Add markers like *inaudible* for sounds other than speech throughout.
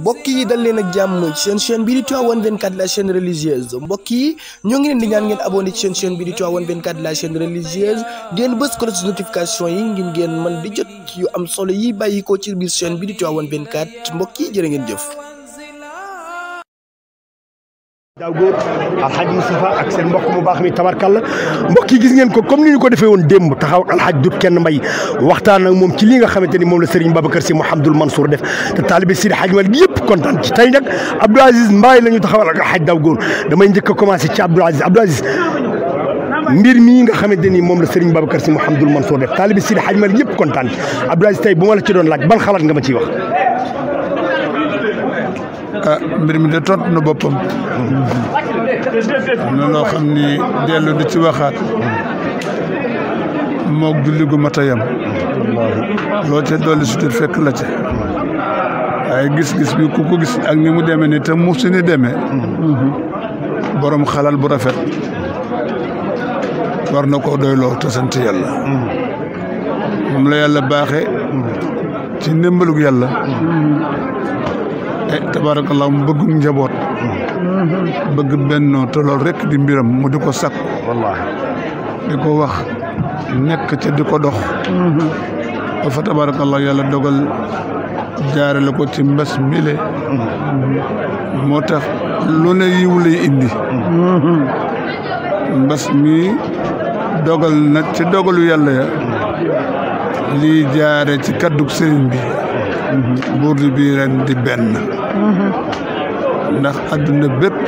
mbokk yi dal leen ak jàmm seen chaîne bi di Tivaouane 24 la chaîne religieuse mbokk yi ñoo ngi leen di ñaan ngeen abonné ci seen chaîne bi di Tivaouane 24 la chaîne religieuse di leen bës cloche notification yi ngir ngeen man di jot yu am solo yi bàyyi ko ci biir chaîne bi di Tivaouane 24 mbokk yi jërë ngeen jëf. daaw góor alxaj Moustapha ak seen mbokk mu baax mi tabarkalla mbokk yi gis ngeen ko comme ni ñu ko defee woon démb taxaw ak alxaj dut kenn mbay waxtaan ak moom ci li nga xamante ni moom la Serigne Babacar Sy Mouhamadoul Mansour def te taalibe Sidi Hadj Malick yëpp kontaan ci tey nag Abdou Aziz Mbaye la ñu taxawal ak alxaj daaw góor damay njëkk a commencé ci Abdou Aziz Abdou Aziz mbir mii nga xamante ni moom la Serigne Babacar Sy Mouhamadoul Mansour def taalibe Sidi Hadj Malick yëpp kontaan ci Abdou Aziz tey bu ma la ci doon laaj ban xalaat nga ma ciy wax ah mbir mi de tontu na boppam. am loo xam ni dellu di ci waxaat. moog julli gu mat a loo ca dolli sutur fekk la ca. waaye gis-gis bi ku ko gis ak ni mu demee ni te mu si ni demee. Mm-hmm. borom xalal bu rafet. war na koo doyloo te sant yàlla. Mm-hmm. moom la yàlla baaxee. Mm-hmm. ci ndimbalug yàlla. Eh, tabarakallah mu bëggum njaboot bëgg bennoo te loolu rek di mbiram mu di ko sakk wallahi di ko wax nekk ca di ko dox fa tabarakallah yàlla dogal jaare ko ci mile moo tax lu ne yiw lay indi mbas mi dogal na ci dogalu yàlla ya lii jaare ci sëriñ bi burdu bii ren di benn ndax àdduna bépp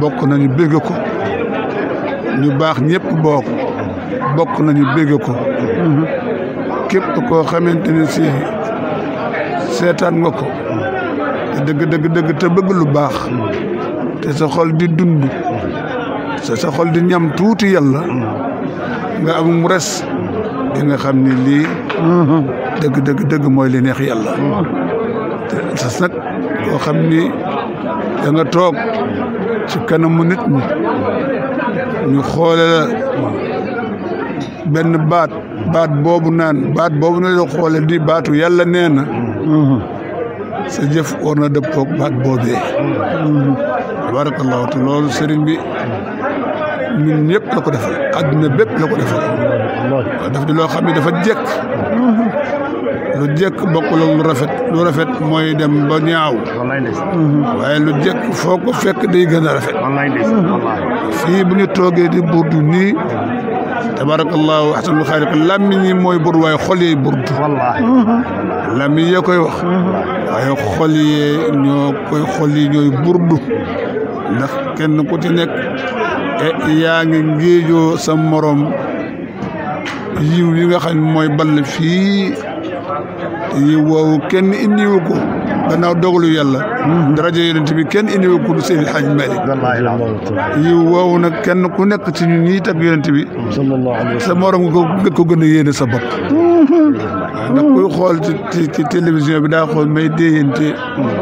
bokk nañu bégg ko ñu baax ñëpp bokk bokk nañu bégg ko képp koo xamante ne si seetaan nga ko te dëgg dëgg dëgg te lu baax te sa xol di dund sa sa xol di ñam tuuti yàlla nga amum res di xam ni lii dëgg dëgg dëgg mooy li neex yàlla te sas nag koo xam ni danga nga toog ci kanamu nit ñi ñu xoole la benn baat baat boobu naan baat boobu na la xoole di baatu yàlla nee na sa jëf war na dëppoog baat boobee tabarakallahu te loolu sëriñ bi ñun ñëpp la ko defal adduna bépp la ko defal daf di loo xam ne dafa jekk lu jëkk bokkul lu rafet lu rafet mooy dem ba ñaaw mm-hmm. waaye lu jëkk foo ko fekk day gën a rafet mm-hmm. fii bu ñu toogee di burdu nii tabarakallahu ahsanul xaaliq làmmiñ mooy bur waaye xol yee burdu mm-hmm. làmmiñ yee koy wax waaye xol yee ñoo koy xol ñooy burdu ndax kenn ku ci nekk e yaa ngi ngéejoo sa morom yiw yi nga xam mooy ball fii yi woowu kenn indiwu ko gannaaw dogalu yàlla daraja hmm. yonent bi kenn indiwu ko du Seydi Hadj Malick yi woowu nag kenn ku nekk ci ñun ñii ak yonent bi sa morom nga ko gën a yéene sa bopp hmm. ndax kuy xool ci ci bi daa xool may déyante hmm.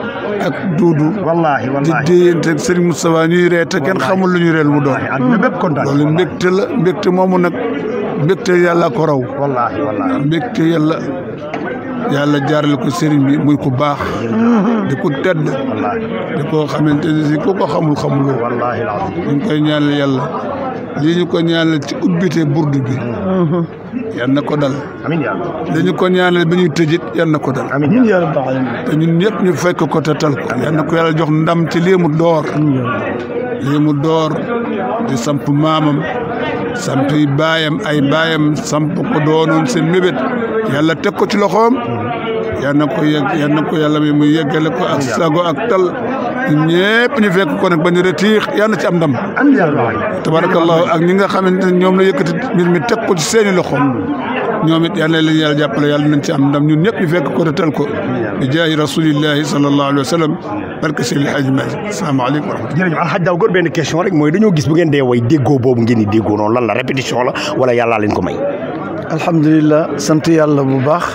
ak duudu wallaahi wallaahi di déyante ak Serigne Moustapha ñuy ree te kenn xamul lu ñu reel mu doon loolu mbégte la mbégte moomu yàlla ko raw wallaahi wallaahi yàlla yàlla jaarale ko sëriñ bi muy ku baax di ku tedd di koo xamante ne si ku ko xamul xamuloo ñu ngi koy ñaanal yàlla lii ñu ko ñaanal ci ubbite burdu bi yan ko dal li ñu ko ñaanal bi ñuy tëjit yan ko dal te ñun ñëpp ñu fekk ko te tal ko yan ko yàlla jox ndam ci lii mu door lii mu door di samp maamam samp yi baayam ay baayam samp ko doonoon seen mébét yàlla teg ko ci loxoom yal na ko yegg yal na ko yàlla mi mu yeggale ko ak sago ak tal ñëpp ñu fekk ko nag ba ñu retiix yal ci am ndam tabarakallahu ak ñi nga xamante ne ñoom la yëkkati mbir mi teg ko ci seeni loxo ñoom it yàlla leen yàlla jàppale yàlla nañ ci am ndam ñun ñëpp ñu fekk ko tal ko bi jaahi rasulillahi sallallahu alayhi wa sallam barke daaw góor benn question rek mooy dañoo gis bu ngeen dee way déggoo boobu ngeen di déggoo noonu lan la répétition la wala yàllaa leen ko may alhamdulilah sant yàlla bu baax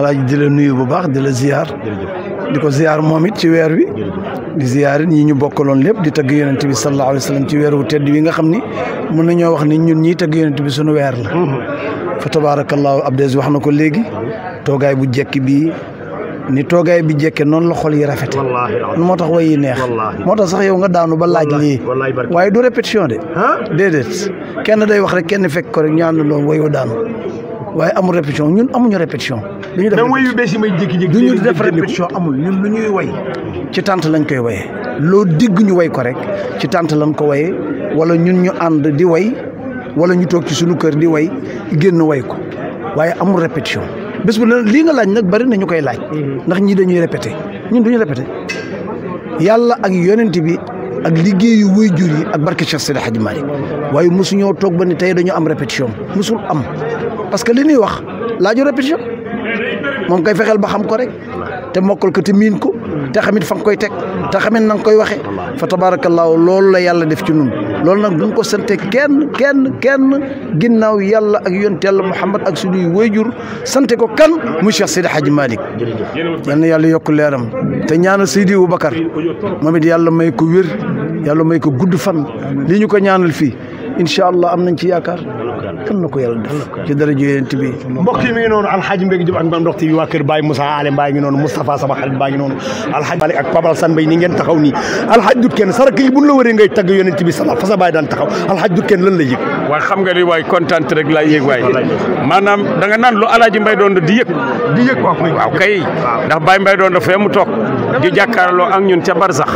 alaaji di la nuyu bu baax di la ziyaar di ko ziyaar moom it ci weer wi di ziyaar ñi ñu bokkaloon lépp di tëgg yonent bi sallallahu alayhi wa sallam ci weer wu tedd nga xam ni mën nañoo wax ni ñun ñii tëgg yonent bi sunu weer la mm-hmm. fa tabaarakallaahu abdes wax na ko léegi togaay bu jekki bi ni togaay bi jekke noon la xol yi rafete moo tax way yi neex moo tax sax yow nga daanu ba laaj lii waaye du répétition de déedéet kenn day wax rek kenn fekk ko rek ñu ànd loolu wayu daanu waaye amul répétition ñun amuñu répétition. du ñu def du ñu def répétition amul ñun lu ñuy way ci tànt lañ koy waye loo digg ñu way ko rek ci tànt lañ ko waye wala ñun ñu ànd di way wala ñu toog ci suñu kër di way génn way ko waaye amul répétition bés lii nga laaj nag bari na ñu koy laaj. Mhm. ndax ñii dañuy répété ñun du ñu répété yàlla ak yonent bi. ak liggéeyu waajur yi ak barke Cheikh Seydi Hadji Malick waaye mosu ñoo toog ba ne tey dañu am répétition mosul am parce que li ñuy wax laaju répétition moom koy fexeel ba xam ko rek te mokkal ko miin ko te xamit fa nga koy teg te xamit na nga koy waxee fa tabaarakallaahu loolu la yàlla def ci nun loolu nag duñ ko sante kenn kenn kenn ginnaaw yàlla ak yonent yàlla Muhammad ak suñuy wayjur sante ko kan mu Cheikh Seydi Hadji Malick yal yàlla yokk leeram te ñaanal Seydi Aboubacar moom it yàlla may ko wér yàlla may ko gudd fan li ñu ko ñaanal fii inshallah amnañ ci yakar kan nako yalla def ci dara yonent bi mbokk mi ngi noonu alxaaji mbégi ak Mame dox TV wa keur Baye musa Ale baye ngi non mustafa sama xarit baye ngi noonu alxaaji Malick ak Pabal San bay ni ngeen taxaw nii alxaaji dut ken sarak yi buñ la wëree ngay tag yonent bi sama fa sa baay daan taxaw alxaaji dut ken lan la yek waaye xam nga ni way contente rek la yek way manam da nga nan lu alaaji mbay don di yek di koy waaw kay ndax Baye mbay don da fe mu tok di jàkkaarloo ak ñun ci barzakh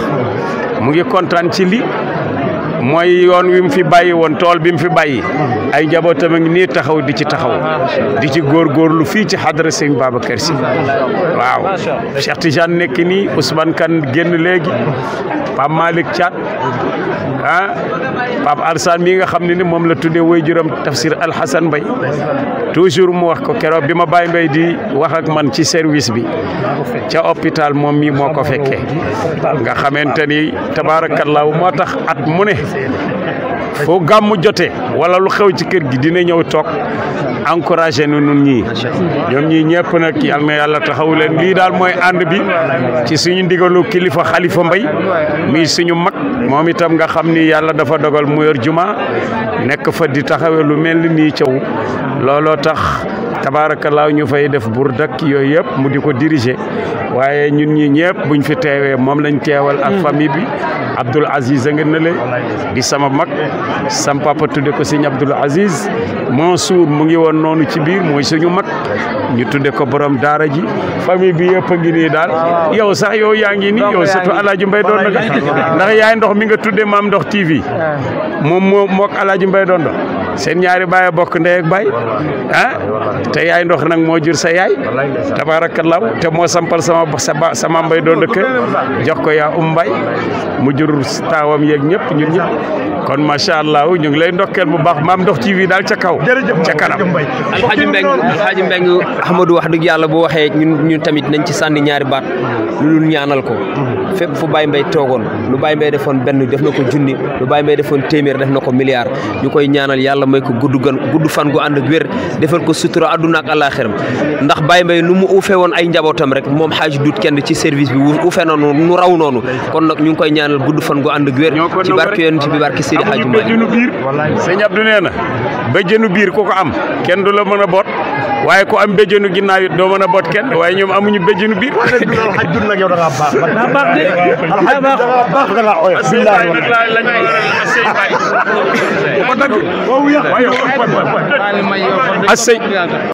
mu ngi contente ci li mooy yoon wi mu fi bàyyi woon tool bi mu fi bàyyi ay njabootam a ngi nii taxaw di ci taxaw di ci góorgóorlu fii ci xadara sëñ Babacar Si waaw Cheikh Tidiane nekk nii Ousmane Kane génn léegi Pape Malick Thiat ah Pape nga xam ne ni moom la tuddee waajuram tafsir Alxasan Mbay toujours mu wax ko keroog bi ma Baye Mbay di wax ak man ci service bi ca hopital moom mii moo ko fekkee nga xamante ni tabaarakallaahu moo tax at mu ne foo gàmmu jote wala lu xew ci kër gi dina ñëw toog encouragé na nun ñii ñoom ñii ñëpp nag yal na yàlla taxawu leen lii daal mooy ànd bi ci suñu ndigalu kilifa xalifa mbay muy suñu mag moom itam nga xam ni yàlla dafa dogal mu yor juma nekk fa di taxawee lu mel ni nii caw looloo tax tabaarakallaa ñu fay def bur dëkk yooyu yep mu di ko diriger waaye ñun ñi ñëpp buñ fi teewee moom lañ teewal ak hmm. famille bi Aziz a nga ne le di sama mag sam papa tudde ko Aziz Mansour mu ngi woon noonu ci biir mooy suñu mag ñu tudde ko borom daara ji famille bi yëpp ngi nii daal yow sax yow yaa yow surtout Alaaji Mbay Dondo ndax yaay ndox mi nga tudde maam ndox TV *laughs* moom moo mook Alaaji Mbay seen ñaari baay bokk ndey ak baay ah te yaay ndox nag moo jur sa yaay law te moo sampal sama sa sama mbay doon dëkk jox ko yaa um mbay mu jur taawam yeeg ñëpp ñun ñëpp kon macha allah ñu ngi lay ndokkeel bu baax maam ndox TV daal ca kaw. ca kanam alxaaji mbeng alxaaji wax dëgg yàlla bu waxee ñu ñun tamit nañ ci sànni ñaari baat lu dul ñaanal ko. fépp fu Baye Mbaye toogoon lu Baye Mbaye defoon benn def na ko junni lu Baye Mbaye defoon téeméer def na ko milliard ñu koy ñaanal yàlla may ko gudd gan gudd fan gu ànd ak wér defal ko sutura àdduna ak àllaaxiram ndax Baye Mbaye nu mu uufee woon ay njabootam rek moom xaaj dut kenn ci service bi uufee noonu nu raw noonu kon nag ñu ngi koy ñaanal gudd fan gu ànd ak wér ci barke yonent bi barke Seydi Hadji Malick amuñu béjjënu biir sëñ Abdou nee na béjjënu biir ku ko am kenn du la mën a boot waaye ku am béjjënu ginnaaw it doo mën a boot kenn waaye ñoom amuñu béjjënu biir *laughs* *laughs* السي